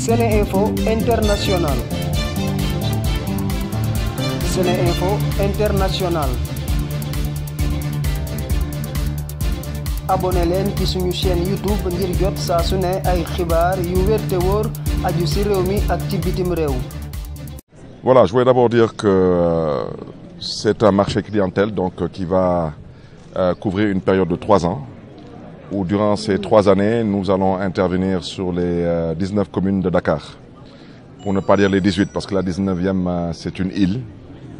Sene Info International Info International abonné leen ci suñu chaîne YouTube ngir jot saa ay xibaar yu wér te wóor aju ci réew mi ak ci bitim réew Voilà, je voulais d'abord dire que euh, c'est un marché clientèle donc euh, qui va euh, couvrir une période de trois ans où durant ces trois années, nous allons intervenir sur les 19 euh, communes de Dakar. Pour ne pas dire les parce que la 19e, euh, c'est une île,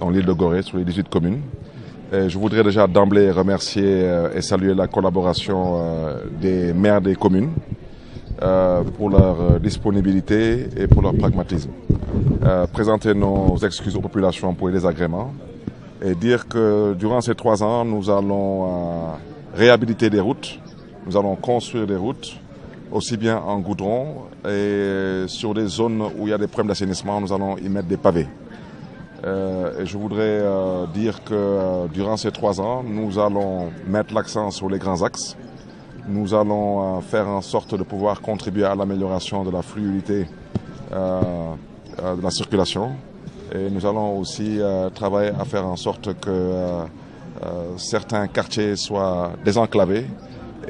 de Gorée, sur les 18 communes. Euh, la collaboration des des communes pour disponibilité et pour leur pragmatisme. Présenter nos excuses aux populations pour les désagréments et dire que durant ces trois Nous allons construire des routes, aussi bien en goudron et sur des zones où il y a des problèmes d'assainissement, nous allons y mettre des pavés. Euh, et je voudrais euh, dire que euh, durant ces trois ans, nous allons mettre l'accent sur les grands axes. Nous allons euh, faire en sorte de pouvoir contribuer à l'amélioration de la fluidité euh, euh, de la circulation. Et nous allons aussi travailler à faire en sorte que certains quartiers soient désenclavés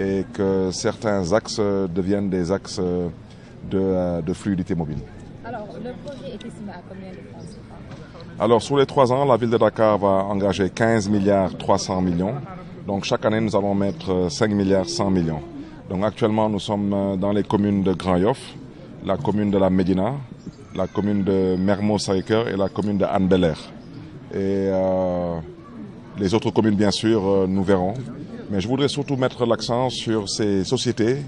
et que certains axes deviennent des axes de, euh, de fluidité mobile. Alors, le projet est estimé à combien de francs Alors, sur les trois ans, la ville de Dakar va engager 15 milliards 300 millions. Donc, chaque année, nous allons mettre 5 euh, milliards 100 millions. Donc, actuellement, nous sommes euh, dans les communes de Grand Yoff, la commune de la Médina, la commune de Mermoz-Sacré-Cœur et la commune de Anne-Belair. Et euh, les autres communes, bien sûr, nous verrons. Mais je voudrais surtout mettre l'accent sur ces sociétés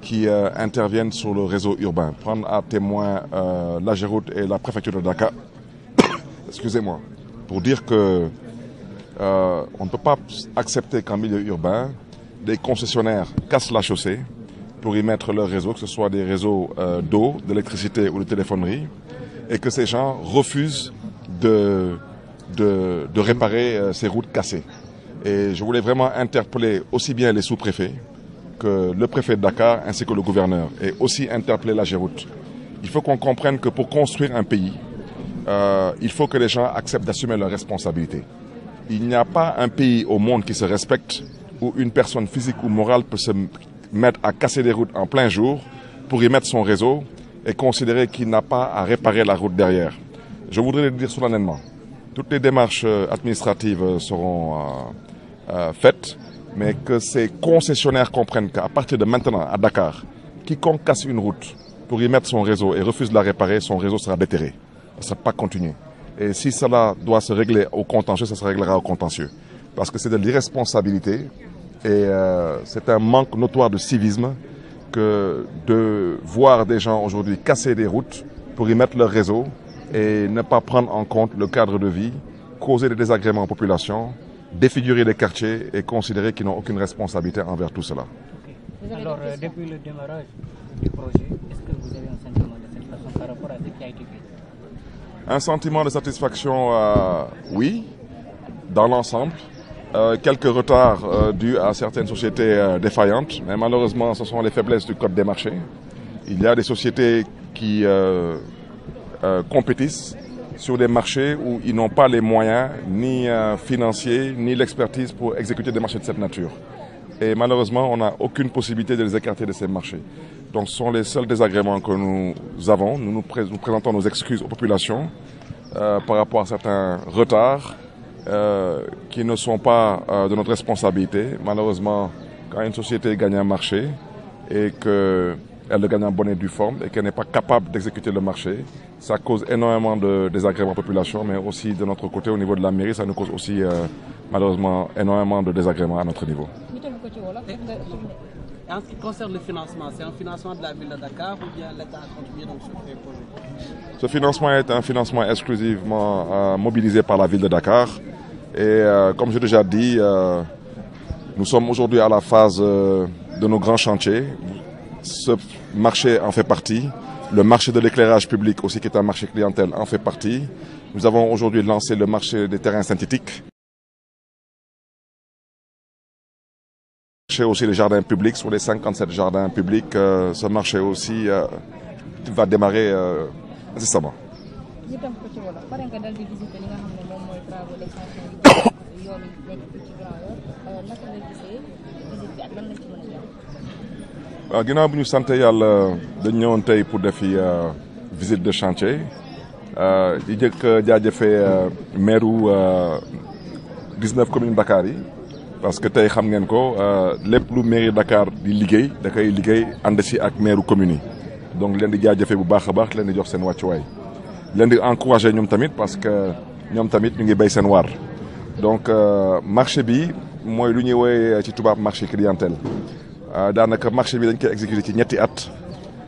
qui euh, interviennent sur le réseau urbain. Prendre à témoin euh, la Géroute et la préfecture de Dakar, excusez-moi, pour dire que euh, on ne peut pas accepter qu'en milieu urbain, des concessionnaires cassent la chaussée pour y mettre leur réseau, que ce soit des réseaux euh, d'eau, d'électricité ou de téléphonerie, et que ces gens refusent de, de, de réparer euh, ces routes cassées. Et je voulais vraiment interpeller aussi bien les sous-préfets que le préfet de Dakar ainsi que le gouverneur et aussi interpeller la Géroute. Il faut qu'on comprenne que pour construire un pays, euh, il faut que les gens acceptent d'assumer leurs responsabilités. Il n'y a pas un pays au monde qui se respecte où une personne physique ou morale peut se mettre à casser des routes en plein jour pour y mettre son réseau et considérer qu'il n'a pas à réparer la route derrière. Euh, faites, mais que ces concessionnaires comprennent qu'à partir de maintenant, à Dakar, quiconque casse une route pour y mettre son réseau et refuse de la réparer, son réseau sera déterré. Ça ne peut pas continuer. Et Parce que c'est et euh, c'est un manque notoire de civisme que de voir des gens aujourd'hui casser des routes pour y mettre leur réseau et ne pas prendre en compte le cadre de vie, causer des désagréments aux populations, défigurer les quartiers et considérer qu'ils n'ont aucune responsabilité envers tout cela. Okay. Alors, euh, depuis le démarrage du projet, est-ce que vous avez un sentiment de satisfaction par rapport à ce qui a été fait Un sentiment de satisfaction, euh, oui, dans l'ensemble. Euh, quelques retards euh, dus à certaines sociétés euh, défaillantes, mais malheureusement, ce sont les faiblesses du code des marchés. Il y a des sociétés qui euh, compétissent sur des marchés où ils n'ont pas les moyens ni euh, financiers ni l'expertise pour exécuter des marchés de cette nature. Et malheureusement, on n'a aucune possibilité de les écarter de ces marchés. Donc ce sont les seuls désagréments que nous avons. Nous nous, pré nous présentons nos excuses aux populations euh, par rapport à certains retards euh, qui ne sont pas euh, de notre responsabilité. Malheureusement, quand une société gagne un marché et que elle en bonne et due forme et n'est pas capable d'exécuter le marché. Ça cause énormément de désagréments à mais aussi de notre côté, au niveau de la mairie, ça nous euh, En concerne le financement, c'est un financement de la ville de Dakar ou ce financement est un financement exclusivement euh, mobilisé par la ville de Dakar. Et euh, comme j'ai déjà dit, nous sommes aujourd'hui à la phase de nos grands chantiers. ce marché en fait partie. Le marché de l'éclairage public aussi, qui est un marché clientèle, en fait partie. Nous avons aujourd'hui lancé le marché des terrains synthétiques. Marché aussi les jardins publics, sur les 57 jardins publics, euh, ce marché aussi euh, va démarrer euh, incessamment. waaw ah, ginnaaw bu ñu sant yàlla dañ ñëwoon tey pour defi ah, visite de chantier ah, di jëkk jaajëfee maire wu 19 communes Dakar yi parce que tey xam ngeen ko lépp lu mairie Dakar di liggéey da koy liggéey ànd si ak maire communes yi donc leen di jaajëfee bu baax a baax leen di jox seen wàccuwaay leen di encouragé ñoom tamit parce que ñoom tamit ñu ngi béy seen waar donc marché bi mooy lu ñuy woowee ci tubaab marché clientèle Euh, daanaka marché bi dañ koy exécuté ci ñetti at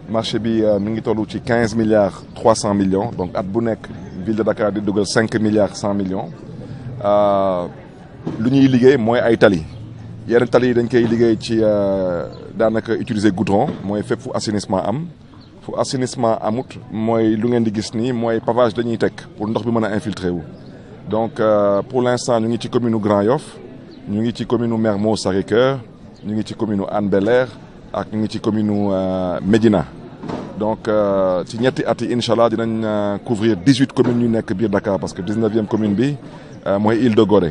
marché bi euh, mi ngi toll ci quinze milliards trois cent millions donc at bu nekk ville de Dakar di dugal cinq milliards cent millions euh, lu ñuy liggéey mooy ay tali yenn tali yi dañ koy liggéey ci daanaka utiliser goudron mooy fépp fu assainissement am fu assainissement amut mooy lu ngeen di gis nii mooy pavage dañuy teg pour ndox bi mën a infiltrer wu donc pour l'instant ñu ngi ci commune Grand Yoff ñu ngi ci commune Mermoz Sacré-Cœur ñu ngi ci commune Hann bel ak ñu ngi ci commune euh, Médina donc euh, ci ñetti ati yi dina allah dinañ euh, couvrir dix huit communes yu nekk biir Dakar parce que dix neuvième commune bi mooy Île de gore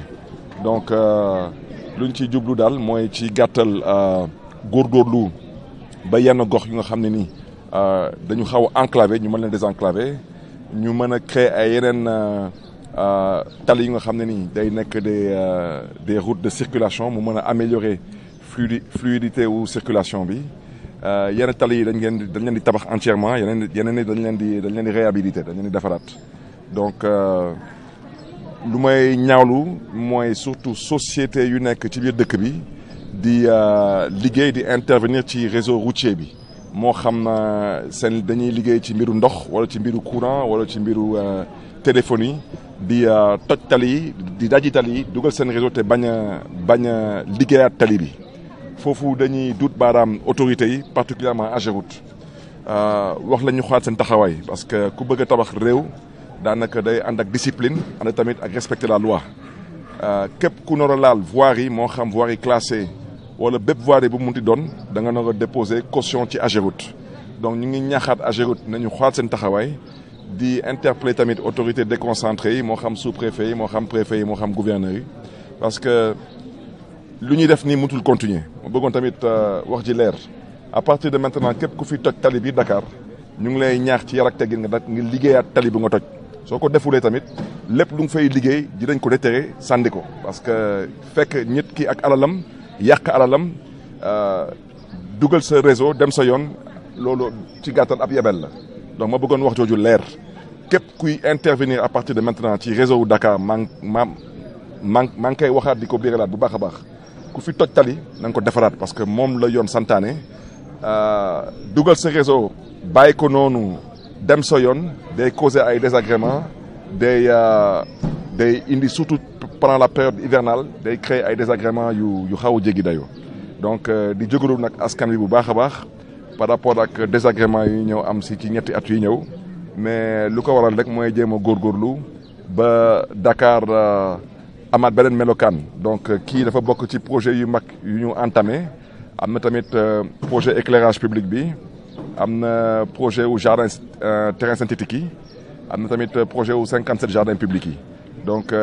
donc luñ ci jublu daal mooy ci gàttal góorgóorlu ba yenn gox yu nga xam ne nii dañu xaw a enclavé ñu mën leen désenclavé ñu mën a créer ay yeneen tali yi nga xam ne ni day nekk des des routes de circulation mu mën a améliorer. flui fluidité wu circulation bi euh, yenn tali yi dañ leen di dañ leen di tabax entièrement yeneen yeneen ni dañ leen di dañ leen di réhabilité dañ leen donc euh, lu may ñaawlu mooy surtout société yu nekk ci biir dëkk bi di euh, liggéey di intervenir ci réseau routier bi moo xam na seen dañuy liggéey ci mbiru ndox wala ci mbiru courant wala ci mbiru téléphonie di toj tali yi di daji tali yi dugal seen réseau te bañ a bañ a liggéeyaat tali bi foofu dañuy duut baaraam autorités yi particulièrement Ageroute euh, wax la ñu xalaat seen taxawaay parce que ku bëgg tabax réew daanaka day ànd ak disipline ànd tamit ak respecter la loi euh, képp ku nar a laal voirie yi moo xam voirie yi classée wala bépp voirie bu mu munti doon da nga nar a déposer caution ci Ageroute donc ñu ngi ñaaxaat Ageroute nañu xalaat seen taxawaay di interpeller tamit autorités déconcentrées yi moo xam sous préfet yi moo xam préfet yi moo xam gouverneur yi lu ñuy def nii mënatul continuer ma bëggoon tamit euh, wax ji leer à partir de maintenant képp ku fi toj tali bi Dakar ñu ngi lay ñaax ci yar ak nga dak nga liggéeyaat tali bi nga toj soo ko defulee tamit lépp lu nga fay liggéey dinañ ko déterré sànni ko parce que fekk nit ki ak alalam yàq alalam euh, dugal sa réseau dem sa yoon loolu ci gàttal ab yebel la donc ma bëggoon wax jooju leer képp kuy intervenir à partir de maintenant ci réseau Dakar maa maa maa ngi koy waxaat di ko biiralaat bu baax a baax ku fi toj tali na ko defaraat parce que moom la yoon santaane euh, dugal sa réseau bàyyi ko noonu dem sa yoon day causer ay désagréments day euh, day indi surtout pendant la période hivernale day créer ay désagréments yu yu xaw a jéggi dayoo donc euh, di jógalu nag askan wi bu baax a baax par rapport ak désagréments yu ñëw am si ci ñetti at yu ñëw mais lu ko waral rek mooy jéem a góorgóorlu ba dakaar amaat beneen melokaan donc euh, kii dafa bokk ci projet yu mag yu ñu entame am na tamit euh, projet éclairage public bi am na projet wu jardin euh, terrain synthétique yi am na tamit projet wu 57 jardin public yi donc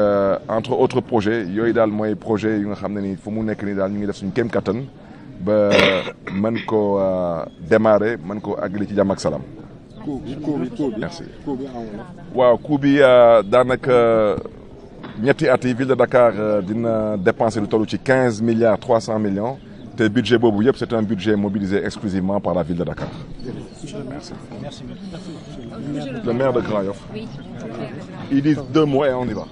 entre autres projets yooyu daal mooy projet yu nga xam ne ni fu mu nekk nii daal ñu ngi def suñu kéem kattan ba man ko démarrer mën ko àggali ci jàmm ak salaam. waaw coût bi daanaka. ñetti at yi ville de Dakar euh, dina dépenser lu toll ci quinze milliards trois cent millions te budget boobu yëpp c'est un budget mobilisé exclusivement par la ville de Dakar. Merci. Merci. Le maire de Grand Yoff. Ils disent deux mots et on y va.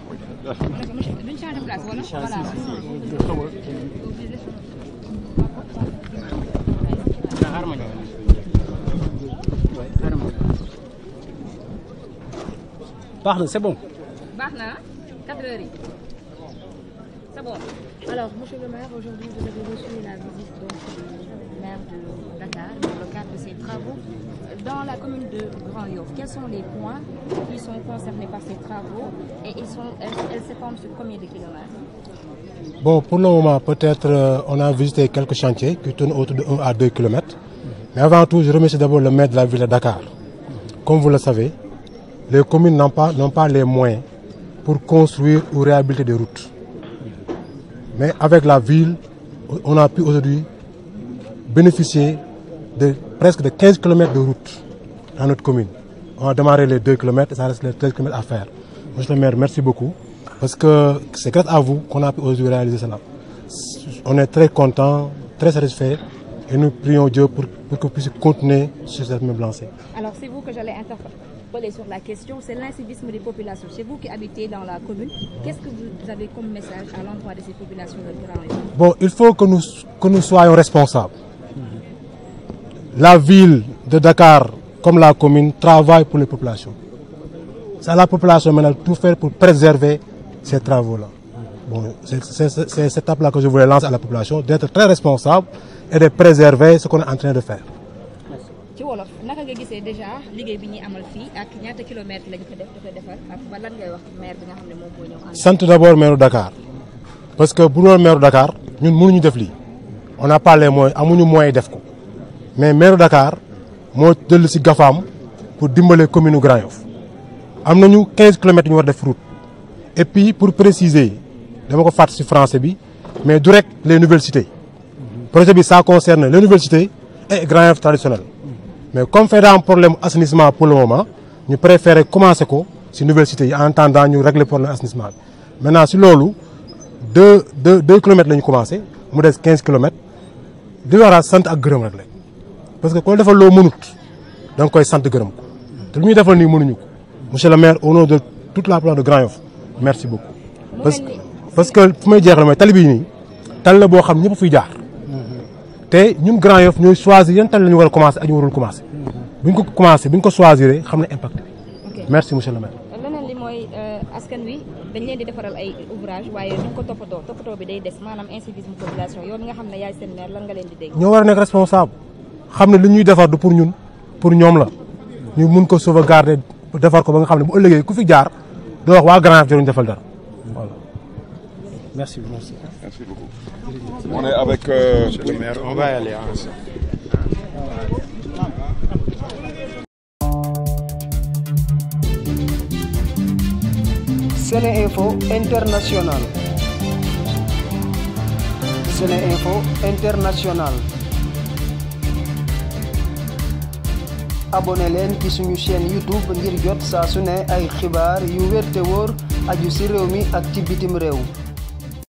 Baax na, c'est bon. Baax na. 4 heures yi c'est bon. alors la commune de Grand-Yoff quels sont les points qui sont concernés par ces travaux et ils sont elles sur combien de kilomètres? pour le moment, peut-être euh, on a visité quelques chantiers qui tournent autour de 1 à 2 kilomètres. Mais avant tout, je remercie d'abord le maire de la ville de Comme vous le savez, les communes n'ont pas, les moyens pour construire ou réhabiliter des routes. Mais avec la ville, on a pu aujourd'hui bénéficier de presque de 15 km de route dans notre commune. On a démarré les 2 km et ça reste les 13 à faire. Monsieur le maire, merci beaucoup parce que c'est grâce à vous qu'on a pu aujourd'hui réaliser cela. On est très content, très satisfait et nous prions Dieu pour, pour que vous continuer sur cette même lancée. Alors c'est vous que j'allais interpeller. interpellé c'est l'incivisme des populations. C'est vous qui habitez dans la commune. Qu'est-ce que vous avez comme message à l'endroit de ces populations de Bon, il faut que nous, que nous soyons responsables. La ville de Dakar, comme la commune, travaille pour les populations. C'est la population maintenant de tout faire pour préserver ces travaux-là. Bon, c'est cette étape-là que je voulais lancer à la population, d'être très responsable et de préserver ce qu'on est en train naka nga gisee déjà liggéey bi ñuy amal fii ak ñaata kilomètres lañ maire Dakar parce que bu doon maire Dakar ñun mënuñu def lii on a parlé mooy amuñu moyen def ko mais maire Dakar moo dellu si gafaam pour dimbale commune Grand Yoff am nañu 15 kilomètres ñu war def route et puis pour préciser dama ko fàtt si français bi mais du rek les nouvelles cités projet bi ça concerne les nouvelles cités Grand Yoff traditionnel. mais comme fee daa am problème assainissement pour le moment ñu préféré commencé ko si nouvelle yi en attendant ñu régler problème assainissement bi maintenant si loolu deux deux deux kilomètres la ñu commencé mu des quinze kilomètres di waraat sant ak gërëm rek parce que ko defal loo mënut da koy sant gërëm ko te lu ñuy defal nii mënuñu ko monsieur le maire au nom de tout la place de Grand Yoff merci beaucoup parce que fu may jeexal mooy tali bii nii tali la boo xam ñëpp fiy jaar te ñun Grand Yoff ñooy choisir yan tan la ñu war a commencé ak ñu warul commencé bu ñu ko commencé bu ñu ko choisir xam na impact bi merci monsieur le maire leneen li mooy euh, askan wi dañ leen di defaral ay ouvrage waaye duñ ko toppatoo toppatoo bi day des maanaam incivisme population yow nga xam ne yaay seen maire nga leen di dégg ñoo war a nekk responsable xam ne li ñuy defar du pour ñun pour ñoom la ñu mun ko sauvegarder defar ko ba nga xam ne bu ëllëgee ku fi jaar doo wax waa Grand Yoff jaruñ Merci beaucoup. Merci beaucoup. On est euh, International. Seneinfo International. suñu chaîne YouTube ngir jot saa su ne ay xibaar yu wér te aju ci réew mi ak ci bitim réew.